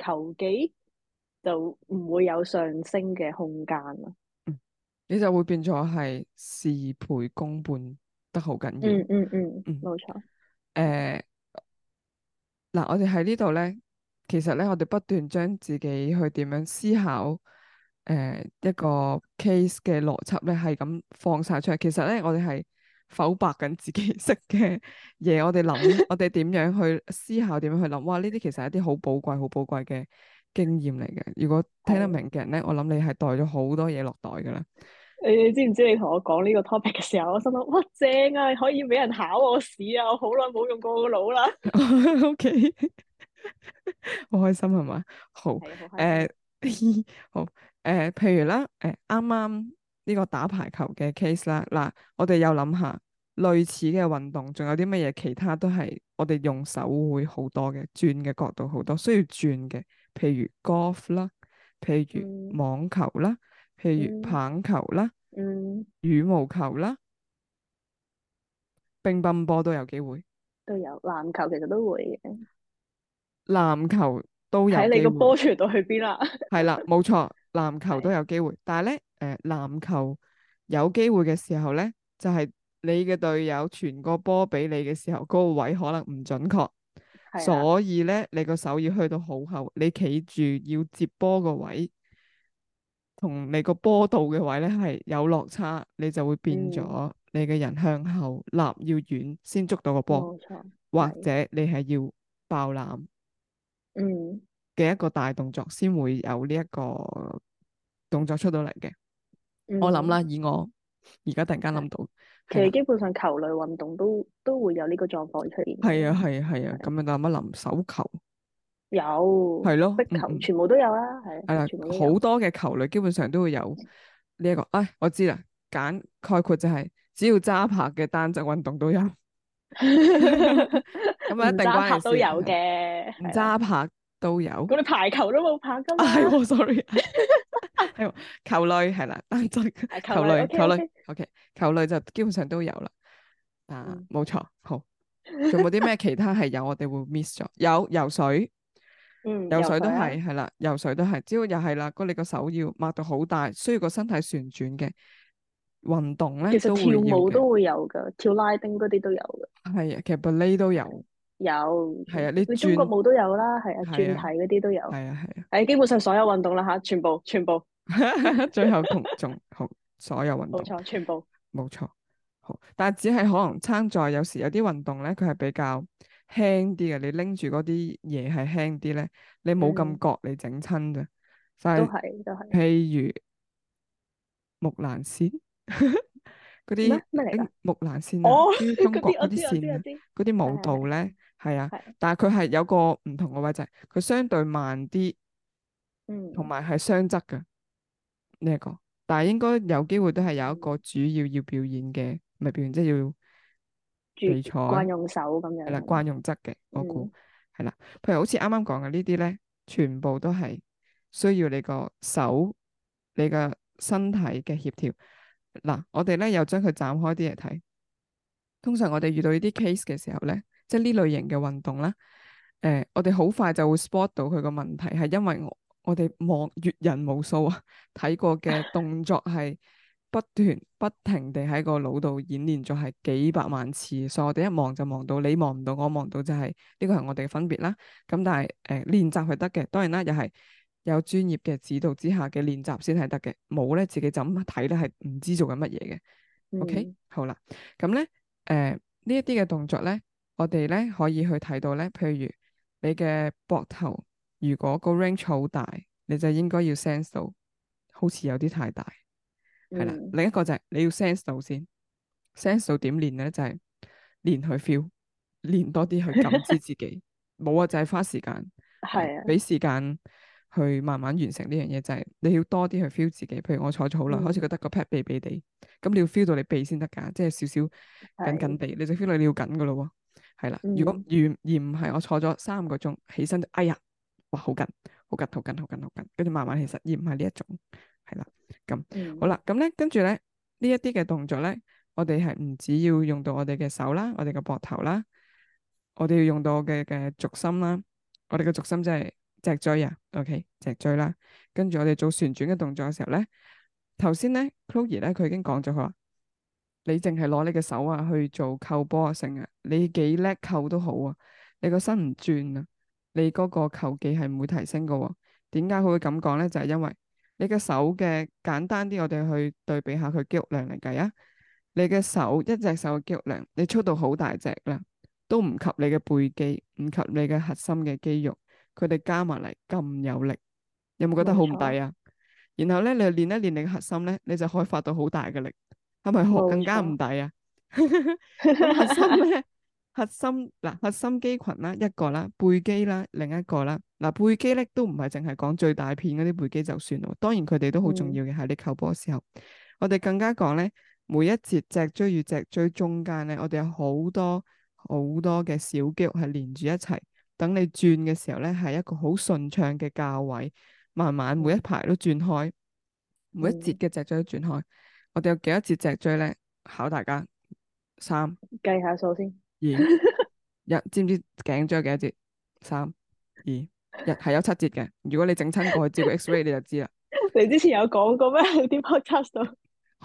球技就唔會有上升嘅空間啦、嗯。嗯，你就會變咗係事倍功半得好緊要。嗯嗯嗯嗯，冇錯、嗯。誒錯，嗱、呃，我哋喺呢度咧，其實咧，我哋不斷將自己去點樣思考，誒、呃，一個 case 嘅邏輯咧，係咁放晒出嚟。其實咧，我哋係，剖白緊自己識嘅嘢，我哋諗，我哋點樣去思考，點樣 去諗？哇！呢啲其實係一啲好寶貴、好寶貴嘅經驗嚟嘅。如果聽得明嘅人咧，好我諗你係袋咗好多嘢落袋噶啦。你知唔知你同我講呢個 topic 嘅時候，我心諗哇，正啊！可以俾人考我試啊！我好耐冇用過個腦啦。O K，好開心係嘛？好誒，呃、 好誒、呃，譬如啦，誒啱啱。剛剛呢個打排球嘅 case 啦，嗱，我哋又諗下類似嘅運動，仲有啲乜嘢？其他都係我哋用手會好多嘅，轉嘅角度好多，需要轉嘅，譬如 golf 啦，譬如網球啦，譬如棒球啦，嗯，嗯，羽毛球啦，乒乓波都有機會，都有籃球其實都會嘅，籃球都有睇你個波傳到去邊啦，係啦，冇錯，籃球都有機會， 機會但係咧。誒，籃、呃、球有機會嘅時候咧，就係、是、你嘅隊友傳個波俾你嘅時候，嗰、那個位可能唔準確，啊、所以咧你個手要去到好後，你企住要接波個位，同你個波度嘅位咧係有落差，你就會變咗、嗯、你嘅人向後立要遠先捉到個波，錯或者你係要爆籃，嗯嘅一個大動作先、嗯、會有呢一個動作出到嚟嘅。我諗啦，以我而家突然間諗到，其實基本上球類運動都都會有呢個狀況出現。係啊，係啊，係啊，咁樣諗一諗，手球有，係咯，壁球全部都有啦，係啊，好多嘅球類基本上都會有呢一個。哎，我知啦，簡概括就係只要揸拍嘅單隻運動都有，咁樣一定都有嘅，唔揸拍都有，我排球都冇拍噶。係喎，sorry，係喎，球類係啦，球類，球類，OK，球類就基本上都有啦。啊，冇錯，好，仲有啲咩其他係有？我哋會 miss 咗。有游水，嗯，游水都係係啦，游水都係，只要又係啦，個你個手要擘到好大，需要個身體旋轉嘅運動咧，其實跳舞都會有噶，跳拉丁嗰啲都有噶，係啊，其實芭蕾都有。有係啊，你中國舞都有啦，係啊，啊，轉體嗰啲都有，係啊係啊，誒、啊，哎，基本上所有運動啦吓，全部全部，最後同同同所有運動，冇錯，全部冇錯，好，但係只係可能撐在有時有啲運動咧，佢係比較輕啲嘅，你拎住嗰啲嘢係輕啲咧，你冇咁覺你整親嘅，所以都係都係，譬如木蘭詩。 嗰啲木蘭線，中國嗰啲線，嗰啲舞蹈咧，係啊，但係佢係有個唔同嘅位，就係佢相對慢啲，嗯，同埋係雙側嘅呢一個，但係應該有機會都係有一個主要要表演嘅，咪表演即係要，唔錯，慣用手咁樣，係啦，慣用側嘅，我估係啦，譬如好似啱啱講嘅呢啲咧，全部都係需要你個手、你個身體嘅協調。嗱，我哋咧又將佢斬開啲嚟睇。通常我哋遇到呢啲 case 嘅時候咧，即係呢類型嘅運動啦，誒、呃，我哋好快就會 spot 到佢個問題，係因為我我哋望閱人無數啊，睇 過嘅動作係不斷不停地喺個腦度演練咗係幾百萬次，所以我哋一望就望到你望唔到，我望到就係、是、呢、這個係我哋嘅分別啦。咁但係誒、呃、練習係得嘅，當然啦，又係。有專業嘅指導之下嘅練習先係得嘅，冇咧自己就咁睇咧，係唔知做緊乜嘢嘅。OK，好啦，咁、嗯、咧，誒，呢一啲嘅動作咧，我哋咧可以去睇到咧，譬如你嘅膊頭，如果個 range 好大，你就應該要 sense 到，好似有啲太大，係啦、嗯。另一個就係你要 sense 到先，sense 到點練呢、就係、練 feel，練點練咧就係練去 feel，練多啲去感知自己。冇 啊，就係、是、花時間，係啊、 嗯，俾時間。去慢慢完成呢樣嘢，就係、是、你要多啲去 feel 自己。譬如我坐咗 好耐，開始覺得個 pad 痹痹地，咁你要 feel 到你痹先得㗎，即係少少緊緊地，的你就 feel 到你要緊㗎咯喎。係啦，如果 而而唔係我坐咗三個鐘，起身，哎呀，哇好緊，好緊，好緊，好緊，好緊，跟住慢慢其實而唔係呢一種，係啦，咁 好啦，咁咧跟住咧呢一啲嘅動作咧，我哋係唔止要用到我哋嘅手啦，我哋嘅膊頭啦，我哋要用到我嘅嘅足心啦，我哋嘅足心即係。脊椎啊，OK，脊椎啦，啊。跟住我哋做旋轉嘅動作嘅時候咧，頭先咧，Chloe 咧佢已經講咗，佢話你淨係攞你嘅手啊去做扣波啊成啊，你幾叻扣都好啊，你個身唔轉啊，你嗰個扣技係唔會提升噶、啊。點解佢會咁講咧？就係、是、因為你嘅手嘅簡單啲，我哋去對比下佢肌肉量嚟計啊。你嘅手一隻手嘅肌肉量，你粗到好大隻啦，都唔及你嘅背肌，唔及你嘅核心嘅肌肉。佢哋加埋嚟咁有力，有冇覺得好唔抵啊？ 然後咧，你又練一練你嘅核心咧，你就開發到好大嘅力，係咪學更加唔抵啊？ 核心咧， 核心嗱，核心肌群啦，一個啦，背肌啦，另一個啦，嗱、啊，背肌咧都唔係淨係講最大片嗰啲背肌就算咯，當然佢哋都好重要嘅，係、嗯、你扣波嘅時候，我哋更加講咧，每一節脊椎與脊椎中間咧，我哋有好多好多嘅小肌肉係連住一齊。等你轉嘅時候咧，係一個好順暢嘅價位，慢慢每一排都轉開，每一節嘅脊椎都轉開。嗯、我哋有幾多節脊椎咧？考大家三，計下數先。二一，知唔知頸椎有幾多節？三二一係有七節嘅。如果你整親過去照 X-ray，你就知啦。 你之前有講過咩？ 你點樣測到？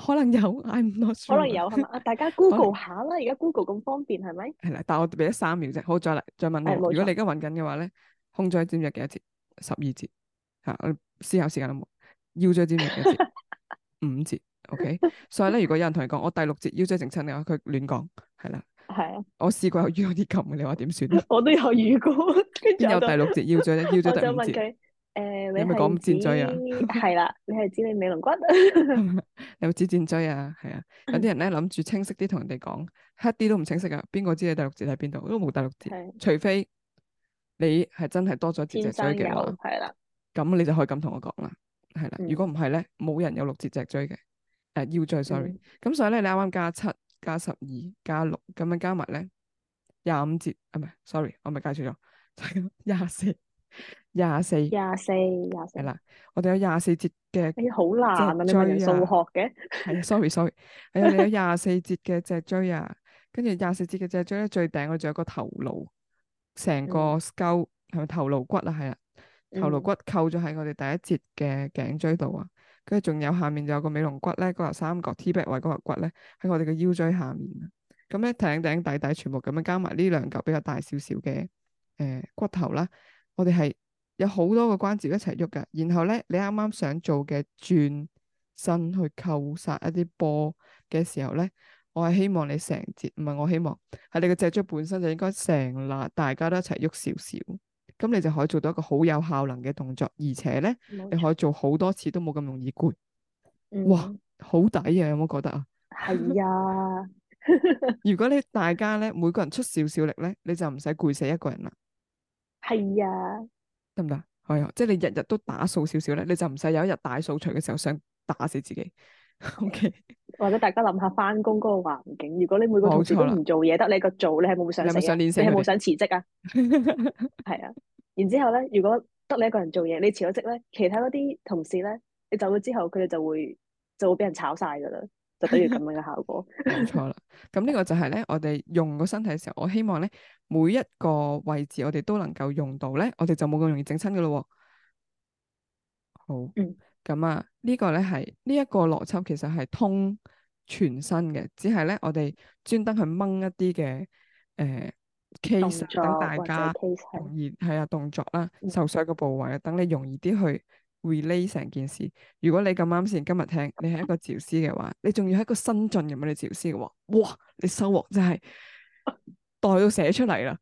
可能有嗌唔落 o 可能有係嘛？啊，大家 Google 下啦，而家 Google 咁方便係咪？係啦，但係我俾咗三秒啫，好，再嚟，再問你。嗯，如果你而家揾緊嘅話咧，胸椎尖日幾多節？十二節。嚇，我思考時間都冇。腰椎尖日幾多節？五節。 OK， 所以咧，如果有人同你講我第六節腰椎整親嘅話，佢亂講係啦。係啊， 我試過有遇啲咁嘅，你話點算？ 我都有遇過。邊 有第六節腰椎咧？腰椎 第五節。 誒、呃，你係啊？係啦，你係指你尾龍骨，有 冇 指薦椎啊？係啊，有啲人咧諗住清晰啲同人哋講，一啲 都唔清晰噶，邊個知你第六節喺邊度？都冇第六節，的除非你係真係多咗節脊椎嘅，係啦，咁你就可以咁同我講啦，係啦。嗯、如果唔係咧，冇人有六節脊椎嘅，誒、呃、腰椎，sorry。咁、嗯、所以咧，你啱啱加七加十二加六，咁樣加埋咧廿五節啊，唔係，sorry，我咪加錯咗，廿四。廿四，廿四，廿四係啦，我哋有廿四節嘅，哎好難啊，你咪數學嘅？係，sorry，sorry，係啊，sorry, sorry. 哎、你有廿四節嘅脊椎啊，跟住廿四節嘅脊椎咧，最頂我仲有個頭顱，成個 Skull 係咪頭顱骨啊？係啦，頭顱骨扣咗喺我哋第一節嘅頸椎度啊，跟住仲有下面就有個尾龍骨咧，嗰、那個三角 T back 位嗰個骨咧，喺我哋嘅腰椎下面，咁咧頂頂底底全部咁樣加埋呢兩嚿比較大少少嘅誒骨頭啦。我哋係有好多個關節一齊喐㗎，然後咧，你啱啱想做嘅轉身去扣殺一啲波嘅時候咧，我係希望你成節唔係我希望係你嘅脊椎本身就應該成立，大家都一齊喐少少，咁你就可以做到一個好有效能嘅動作，而且咧錯你可以做好多次都冇咁容易攰。嗯、哇，好抵啊！有冇覺得啊？係 啊是呀！ 如果你大家咧每個人出少少力咧，你就唔使攰死一個人啦。係啊，得唔得？可、嗯、啊，即係你日日都打掃少少咧，你就唔使有一日大掃除嘅時候想打死自己。O、okay、K，或者大家諗下返工嗰個環境，如果你每個同事都唔做嘢，得你一個做，你係冇想，你係冇想，想辭職啊？係 啊，然之後咧，如果得你一個人做嘢，你辭咗職咧，其他嗰啲同事咧，你走咗之後，佢哋就會就會俾人炒晒噶啦。就等於咁樣嘅效果，冇錯啦。咁呢個就係咧，我哋用個身體嘅時候，我希望咧每一個位置我哋都能夠用到咧，我哋就冇咁容易整親噶咯。好，嗯，咁啊，呢個、呢、呢個咧係呢一個邏輯，其實係通全身嘅，只係咧我哋專登去掹一啲嘅，誒、呃、case，等作大家容易係啊動作啦，受傷嘅部位啊，等、嗯、你容易啲去。relay 成件事，如果你咁啱先今日聽，你係一個治療師嘅話，你仲要係一個新進入嗰啲治療師嘅話，哇，你收穫真係代到寫出嚟啦！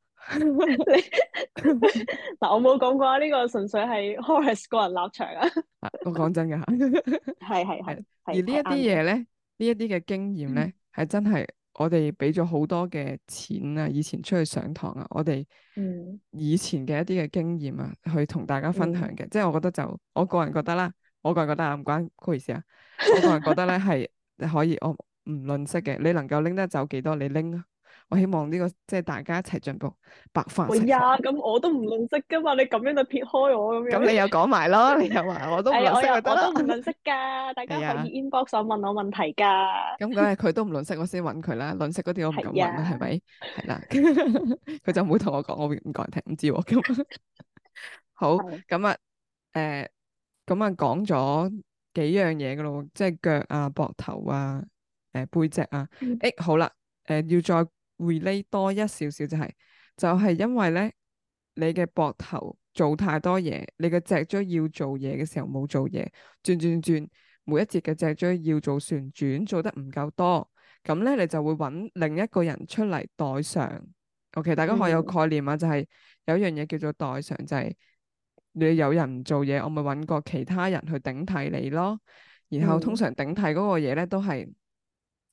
嗱， 我冇講過呢個純粹係 Horace 個人立場啊。 啊我講真嘅吓，係係係。而呢一啲嘢咧，呢一啲嘅經驗咧，係真係。我哋俾咗好多嘅錢啊，以前出去上堂啊，我哋以前嘅一啲嘅經驗啊，去同大家分享嘅，嗯、即係我覺得就，我個人覺得啦，我個人覺得啊唔關，唔好意思啊，我個人覺得咧係 可以，我唔吝嗇嘅，你能夠拎得走幾多，你拎。我希望呢個即係大家一齊進步，白飯。會呀，咁我都唔吝嗇噶嘛，你咁樣就撇開我咁樣。咁你又講埋咯，你又話我都係，我都唔吝嗇噶，大家可以 inbox 上問我問題噶。咁梗係佢都唔吝嗇，我先問佢啦。吝嗇嗰啲我唔敢問啦，係咪？係啦，佢就唔會同我講，我唔講人聽，唔知咁。好，咁啊，誒，咁啊，講咗幾樣嘢噶咯，即係腳啊、膊頭啊、誒、背脊啊。誒，好啦，誒，要再。回力多一少少就係、是，就係、是、因為咧你嘅膊頭做太多嘢，你嘅脊椎要做嘢嘅時候冇做嘢，轉轉轉，每一節嘅脊椎要做旋轉做得唔夠多，咁咧你就會揾另一個人出嚟代償。OK，大家可以有概念啊？嗯、就係、是、有一樣嘢叫做代償，就係、是、你有人唔做嘢，我咪揾個其他人去頂替你咯。然後通常頂替嗰個嘢咧都係，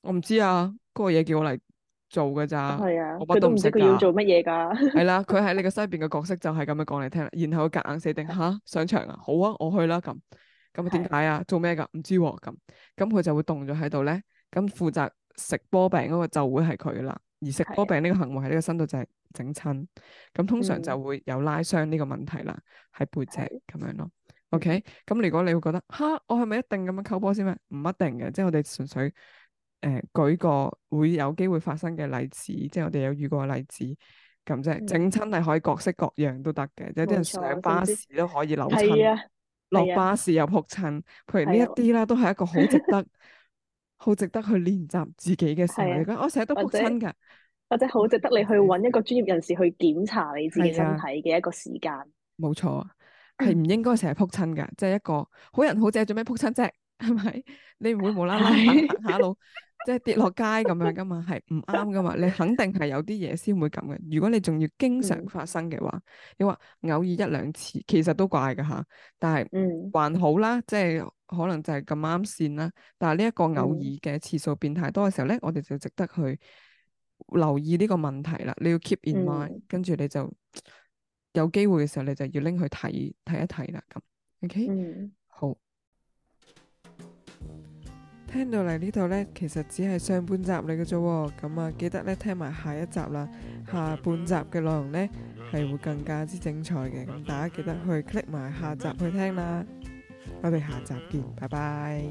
我唔知啊，嗰、那個嘢叫我嚟。做嘅咋，我乜、啊、都唔識，佢要做乜嘢噶？係 啦、啊，佢喺你嘅西邊嘅角色就係咁樣講你聽，然後隔硬，硬死定吓的、啊、上場啊，好啊，我去啦咁，咁點解啊？的做咩噶？唔知喎咁、啊，咁佢就會凍咗喺度咧。咁負責食波餅嗰個就會係佢啦，而食波餅呢個行為喺呢個深度就係整親，咁的通常就會有拉傷呢個問題啦，喺背脊咁的樣咯。的 OK，咁如果你會覺得吓，我係咪一定咁樣扣波先咩？唔一定嘅，即係我哋純粹。誒舉個會有機會發生嘅例子，即係我哋有遇過嘅例子咁啫。整親係可以各式各樣都得嘅，有啲人上巴士都可以扭親，落巴士又仆親，譬如呢一啲啦，都係一個好值得、好值得去練習自己嘅事。我成日都仆親㗎，或者好值得你去揾一個專業人士去檢查你自己身體嘅一個時間。冇錯，係唔應該成日仆親㗎，即係一個好人好姐做咩仆親啫？係咪？你唔會無啦啦行下路，即係跌落街咁樣噶嘛，係唔啱噶嘛，你肯定係有啲嘢先會咁嘅。如果你仲要經常發生嘅話，你話、嗯、偶爾一兩次其實都怪噶吓。但係還好啦，即係可能就係咁啱線啦。但係呢一個偶爾嘅次數變太多嘅時候咧，我哋就值得去留意呢個問題啦。你要 keep in mind，、嗯、跟住你就有機會嘅時候，你就要拎去睇睇一睇啦。咁，OK，、嗯、好。聽到嚟呢度呢，其實只係上半集嚟嘅啫，咁、嗯、啊記得呢聽埋下一集啦，下半集嘅內容呢，係會更加之精彩嘅，咁大家記得去 click 埋下集去聽啦，我哋下集見，拜拜。